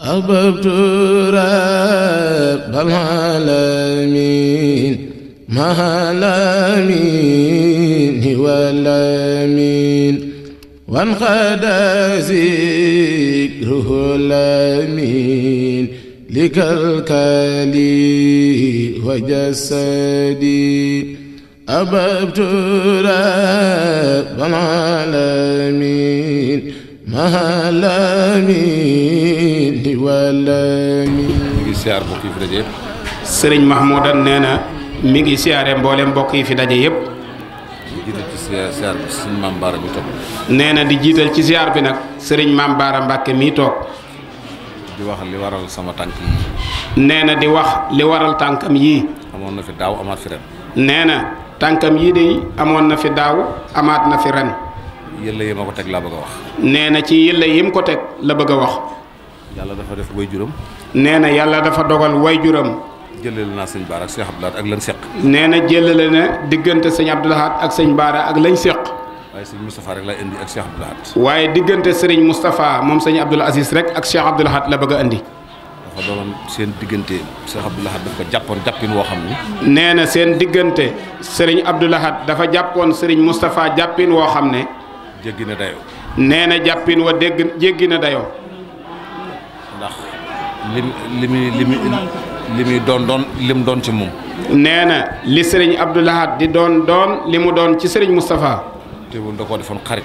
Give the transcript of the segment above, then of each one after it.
أربت رب العالمين مع الأمين هو الأمين وانقضى ذكره الأمين لك الكالي وجسدي أببت رب العالمين مع الأمين sirri walami mi ngi siyaar mbokk yi fi daje yëpp sëriñ Mahmoudan nee na mi ngi siyaare mboolem mbokk yi fi daje yëpp nee na di jiital ci siyaar bi nag sëriñ Maam Baara Mbàkke mii toog di wax li waral sama tànk yi nee na di wax li waral tànkam yii amoon na fi daaw nee na tànkam yii de amoon na fi daaw amaat na fi ren yëlla yi ma ko teg laa bëgg a wax nee na ci yëlla yi mu ko teg la bëgg a wax yàlla dafa def way juróom nee na yàlla dafa dogal way juram. jëlale naa sëñ Baara ak sëñ Abdou ak lañ seq. nee na jëlale na diggante sëñ Abdou ak sëñ Baara ak lañ seq. waaye sëñ Moustapha rek laay indi ak Cheikh Abdou waaye diggante sëriñ Moustapha moom sëñ Abdoul Aziz rek ak Cheikh Abdou Lahad la bëgg a indi. dafa doon seen diggante Cheikh Abdou dafa jàppoon jàppin woo xam ne. nee na seen diggante sëriñ Abdou dafa jàppoon sëriñ Moustapha jàppin woo xam ne. jéggi na dayoo. nee na jàppin wa dégg jéggi na dayoo. ndax lim limi limi li muy doon doon mu doon ci moom. nee na li sëriñ Abdou Lahad di doon doon li mu doon ci sëriñ Moustapha. teewul da koo defoon xarit.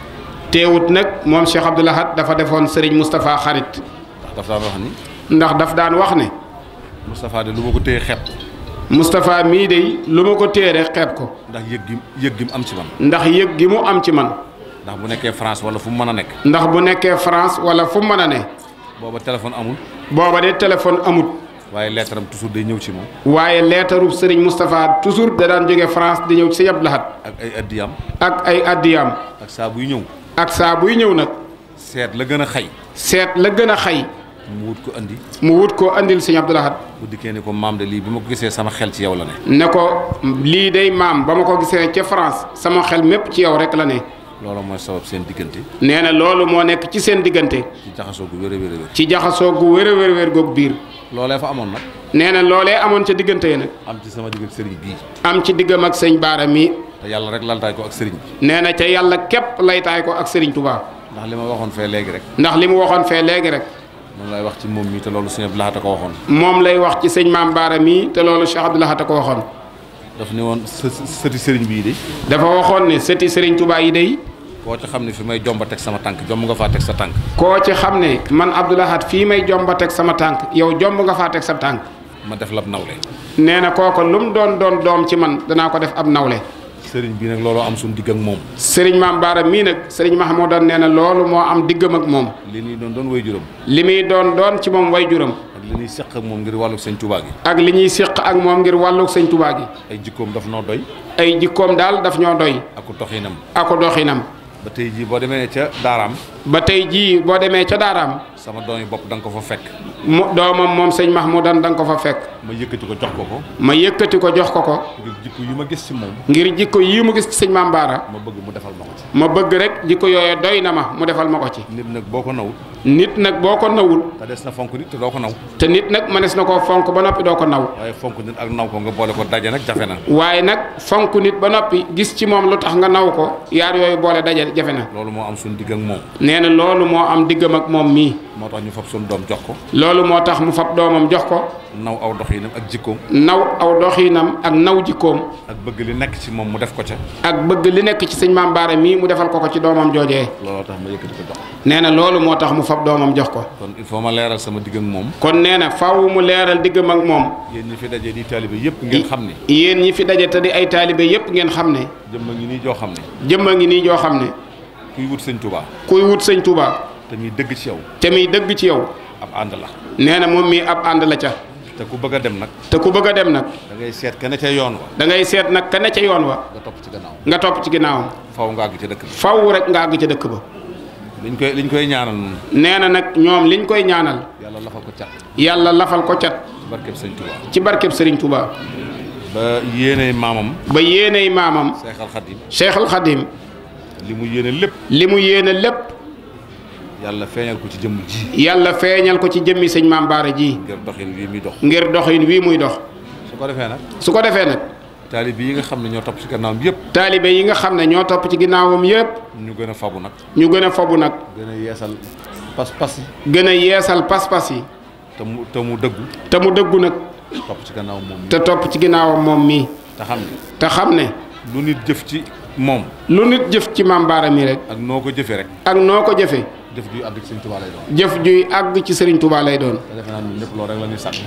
teewut nag moom Cheikh Abdou dafa defoon sëriñ Moustapha xarit. ndax daf daan wax ni. ndax daf daan wax ne. Moustapha de lu ma ko téye xeeb. Moustapha mii de lu ma ko téye rek ko. ndax yëg gi yëg gi mu am ci man. ndax yëg gi mu am ci man. ndax bu nekkee France wala fu mu mën a nekk. ndax bu nekkee France wala fu mu mën a ne. booba téléphone amul. booba de téléphone amul. waaye lettre am toujours day ñëw ci moom. waaye lettre sëriñ Moustapha toujours da daan jóge France di ñëw ci Abdou Lahad. ak ay addiyaam. ak ay addiyaam. ak saa buy ñëw. ak saa buy ñëw nag. seet la gën a xay. seet la gën a xay. mu wut ko andi. mu wut ko andil sëñ Abdou Lahad. bu dikkee ne ko maam de lii bi ma ko gisee sama xel ci yow la ne. ne ko lii day maam ba ma ko gisee ca France sama xel mépp ci yow rek la ne. loolu mooy sabab seen diggante. nee na loolu moo nekk ci seen diggante. ci jaxasoo gu wér a wér ci jaxasoo gu wér a wér googu biir. loolee fa amoon nag. nee na loolee amoon ca diggante yi nag. am ci sama diggante sëriñ bii. am ci diggam ak sëñ Baara mii. te yàlla rek laltaay ko ak sëriñ nee na ca yàlla képp laytaay ko ak sëriñ Touba. ndax li ma waxoon fee léegi rek. ndax li mu waxoon fee léegi rek. moom lay wax ci moom mii te loolu sëñ Abdou Lahad ko waxoon. moom lay wax ci Maam Baara mii te loolu Cheikh Abdou ko waxoon. daf ne woon sëti sëriñ bii de. dafa waxoon ne sëti sëriñ Touba yi de. koo ci xam ne fi may jomba teg sama tànk jomb nga faa teg sa tànk. koo ci xam ne man Abdoul Ahad fii may jomba teg sama tànk yow jomb nga faa teg sa tànk. ma def la ab nawle. nee na kooko lu mu doon doon doom ci man danaa ko def ab nawle. sëriñ bii nag looloo am suñu digg ak moom. sëriñ maam Baara mii nag sëriñ Mahmoudan nee na loolu moo am diggam ak moom. li muy doon doon way juram. li muy doon doon ci moom way juram. ak li ñuy seq ak moom ngir wàllu sëñ Touba gi. ak li ñuy seq ak moom ngir wàllug sëñ ay jikkoom daf noo doy. ay daal daf ñoo doy. ak doxinam. ak doxinam. ba tey jii boo demee ca daaraam ba tey jii boo demee ca daaraam sama doom yi bopp da ko fa fekk. mu doomam moom sëñ Mahmoudan da nga ko fa fekk. ma yëkkati ko jox ko ko. ma yëkkati ko jox ko ko. ngir jikko ma gis ci moom. ngir jikko yi mu gis ci sëñ Maam ma bëgg mu defal ma ko ci. ma bëgg rek jikko yooyu doy na ma mu defal ma ko ci. nit nag boo ko nawul. nit nag boo ko nawul. te des na fonk nit te doo ko naw. te nit nag mënees na koo fonk ba noppi doo ko naw. waaye fonk nit ak naw ko nga boole ko daje nag jafe na. waaye nag fonk nit ba noppi gis ci moom lu tax nga naw ko yaar yooyu boole daje jafe na. loolu moo am suñu digg nee na loolu moo am diggam ak moom mii moo tax ñu fab suñu doom jox ko. loolu moo tax mu fab doomam jox ko. naw aw doxiinam ak jikkoom. naw aw doxiinam ak naw jikkoom. ak bëgg li nekk ci moom mu def ko ca. ak bëgg li nekk ci sëñ maam mii mu defal ko ko ci doomam jooje looloo tax ma yëkkati nee na loolu moo tax mu fab doomam jox ko. kon il faut ma leeral sama digg ak moom. kon nee na faaw mu leeral diggam ak moom. yéen ñi fi daje di taalibe yëpp ngeen xam ne. yéen ñi fi daje te di ay taalibe yëpp ngeen xam ne. jëmm ngi nii joo xam ne. jëmm ngi nii joo xam ne. kuy wut sëñ Touba. kuy wut sëñ Touba. te muy dëgg ci yow. te muy dëgg ci yow. ab ànd la. nee na moom mii ab ànd la ca. te ku bëgg a dem nag. te ku bëgg a dem nag. da ngay seet ka ne ca yoon wa. da ngay seet nag ka ne ca yoon wa. nga topp ci ginnaaw nga topp ci ginnaawam. faw nga àgg ca dëkk ba. faw rek nga àgg ca dëkk ba. liñ koy liñ koy ñaanal noonu. nee na nag ñoom liñ koy ñaanal. yàlla lafal ko cat. yàlla lafal ko cat. ci barkeb Serigne Touba. ci barkeb Serigne Touba. ba yéeney maamam. ba yéeney maamam. Cheikh Al Khadim. Cheikh Al Khadim. li mu yéene lépp. li mu yéene lépp. yàlla feeñal ko ci jëmm ji. yàlla feeñal ko ci jëmmi sëñ Maam Baara ji. ngir doxin wii muy dox. ngir doxin wii muy dox. su ko defee nag. su ko defee nag. taalibe yi nga xam ne ñoo topp ci ginnaawam yëpp. taalibe yi nga xam ne ñoo topp ci ginnaawam yëpp. ñu gën a fabu nag. ñu gën a fabu nag. gën a yeesal pas-pas yi. gën a yeesal pas yi. te mu te mu dëggu. te mu dëggu nag. topp ci ginnaawam moom mii. te topp ci ginnaawam moom mii. te xam ne. te xam ne. lu nit jëf ci moom. lu nit jëf ci Maam mii rek. ak noo ko jëfe rek. ak noo ko jëfee. jëf juy àgg ci Serigne Touba lay doon. jëf juy àgg ci Serigne Touba lay doon.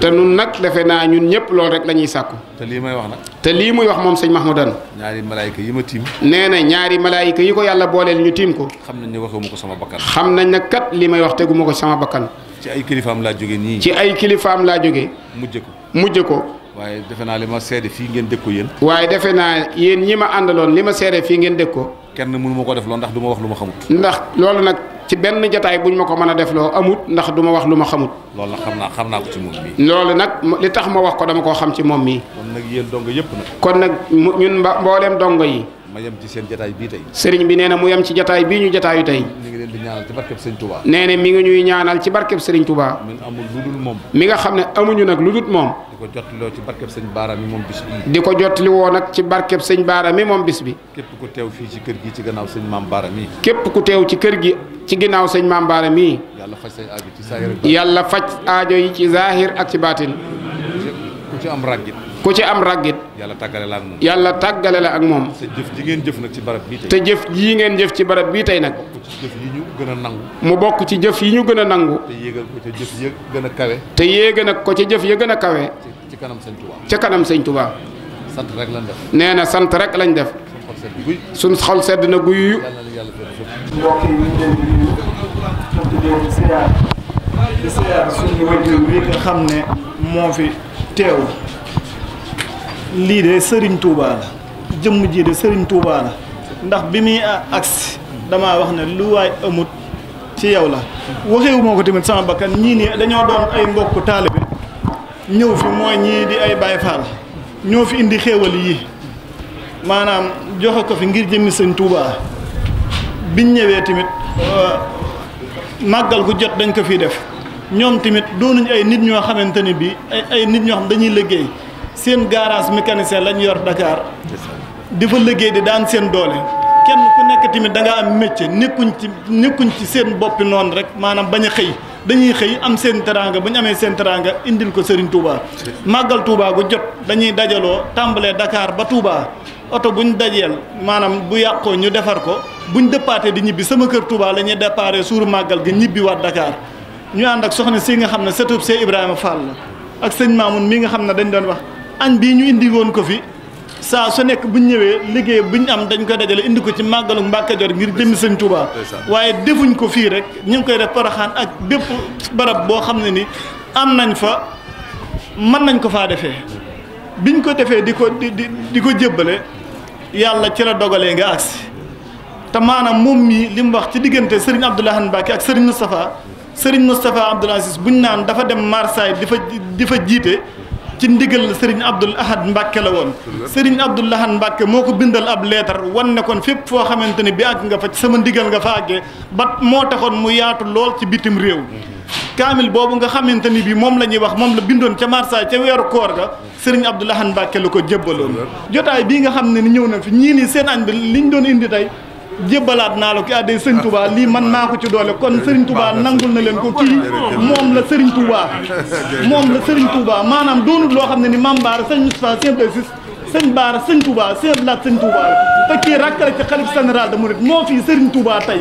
te defe naa ñun ñëpp loolu rek la ñuy sàkku. te ñun nag defe naa ñun ñëpp loolu rek la ñuy sàkku. te lii may wax nag. te lii muy wax moom sëñ Mahmoudane. ñaari malaayika yi ma tiim. nee na ñaari malaayika yi ko yàlla booleel ñu tiim ko. xam nañ ne waxuma ko sama bakkan. xam nañ ne kat li may wax teguma ko sama bakkan. ci ay kilifaam laa jógee nii. ci ay kilifaam laa jógee. mujj ko mujj ko. waaye defe naa li ma seede fii ngeen dégg ko yéen. waaye defe naa yéen ñi ma àndaloon li ma seede fii ngeen dégg ko. kenn mënu ma ko def loolu ndax du ma wax lu ma xamut. ci benn jataay buñ ma ko mën a def loo amut ndax duma ma wax lu ma xamut. loolu nag xam naa xam naa ko ci moom mii. loolu li tax ma wax ko dama koo xam ci moom mii. kon nag yéen dongo yëpp kon nag ñun mba mbooleem dongo yi. ma yem ci seen jataay bii tey. sëriñ bi nee na mu yem ci jataay bii ñu jataayu tey. mi ngi leen di ñaanal ci barkeb sëriñ Touba. nee na mi ngi ñuy ñaanal ci barkeb sëriñ Touba. mi moom. mi nga xam ne amuñu nag lu dul moom. di ko jottiloo ci barkeb sëñ Baara mi moom bis bi. di ko jottiliwoo nag ci barkeb sëñ Baara mi moom bis bi. képp ku teew fii ci kër gi ci gannaaw sëñ Maam Baara mi. képp ku teew ci kër gi ci ginnaaw sëñ Maam Baara mii yàlla faj aajo yi ci zaahir ak ci baatin ku ci am ràggit ku ci am ràggit yàlla tàggale la ak moom yàlla tàggale la ak moom te jëf ji ngeen jëf nag ci barab bii tey te jëf ji ngeen jëf ci barab bii tey nag mu bokk ci jëf yi ñu gën a nangu te yéegal ko ca jëf ya gën a kawe te yéega nag ko ca jëf ya gën a kawe ci kanam sëñ Tuubaa ca kanam sëñ Tuubaa sant rek lañ def nee na sant rek lañ def suñ xol sedd na guyu mbokk yi di leen siyaar di siyaar suñu nga xam ne moo fi teew lii de sëriñ tuubaa la jëmm jii de Serigne Touba la ndax bi muy agsi damaa wax ne lu waay amut ci yow la waxewu moo ko tamit sama bakkan ñii nii dañoo doon ay mbokk taalibe ñëw fi mooy ñii di ay Baay Faal ñoo fi indi xéewal yi maanaam joxe ko fi ngir jëmmi Sëñ Tuubaa biñ ñëwee tamit euh, màggal gu jot dañ ko fii def ñoom tamit doonuñ ay nit ñoo xamante ni bii ay ay nit ñoo xam dañuy liggéey seen garage mécanicien lañ yor Dakar di fa liggéey di daan seen doole kenn ku nekk tamit da nga am métier nekkuñ ci nekkuñ ci seen boppi noonu rek maanaam bañ a xëy dañuy xëy am seen teraanga bu amee seen teraanga indil ko Serigne Touba. màggal Touba gu jot dañuy dajaloo tàmbalee dakaar ba Touba. oto buñ dajeel maanaam bu yàqoo ñu defar ko buñ dëppaatee di ñibbi sama kër Touba la ñuy déparé suuru màggal gi ñibbi waat Dakar ñu ànd ak soxna si nga xam ne sëtub Seex Ibrahima Fall la ak sëñ Mamoun mii nga xam ne dañ doon wax añ bii ñu indi woon ko fi saa su nekk buñ ñëwee liggéey ñu am dañu ko dajale indi ko ci màggalu Mbàkke Kajoor ngir jëmmi sëñ Touba waaye defuñ ko fii rek ñu ngi koy def Porokhane ak bépp barab boo xam ne ni am nañ fa mën nañ ko faa defee biñ ko defee di ko di di ko jébbale yàlla ci la dogalee nga agsi te maanaam moom mii li mu wax ci diggante Serigne Abdoul Ahad Mbacké ak Serigne Moustapha Serigne Moustapha Abdoul Aziz buñ naan dafa dem Marseille di fa di fa jiite ci ndigal Serigne Abdoul Ahad Mbacké la woon Serigne Abdoul Ahad Mbacké moo ko bindal ab leetar wan ne kon fépp foo xamante ni bi àgg nga fa sama ndigal nga fa àggee ba moo taxoon mu yaatu lool ci bitim réew kaamil boobu nga xamante ni bi moom la ñuy wax moom la bindoon ca Marseille ca weeru koor ga sëriñ Abdou Lahad Mbacke la ko jébbaloon jotaay bii nga xam ne ni ñëw na fi ñii nii seen añ bi liñ doon indi tey jébbalaat naa la ko addee sëriñ Touba lii man naa ko ci doole kon sëriñ Touba nangul na leen ko kii moom la sëriñ Touba moom la sëriñ Touba maanaam doonut loo xam ne ni Mame Bara sëriñ Moustapha sëñ Baara sëñ Touba sëñ Abdoulaye sëñ Touba te kii rakk la ci xalif général de Mouride moo fii sëriñ Touba tey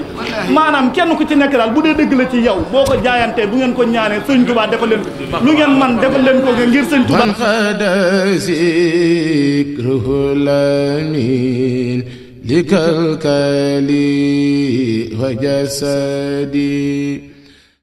maanaam kenn ku ci nekk daal bu dee dëgg ci yow boo ko jaayantee bu ngeen ko ñaanee sëñ Touba defal leen ko lu ngeen man defal leen ko ngir sëñ Touba likal kali wa jasadi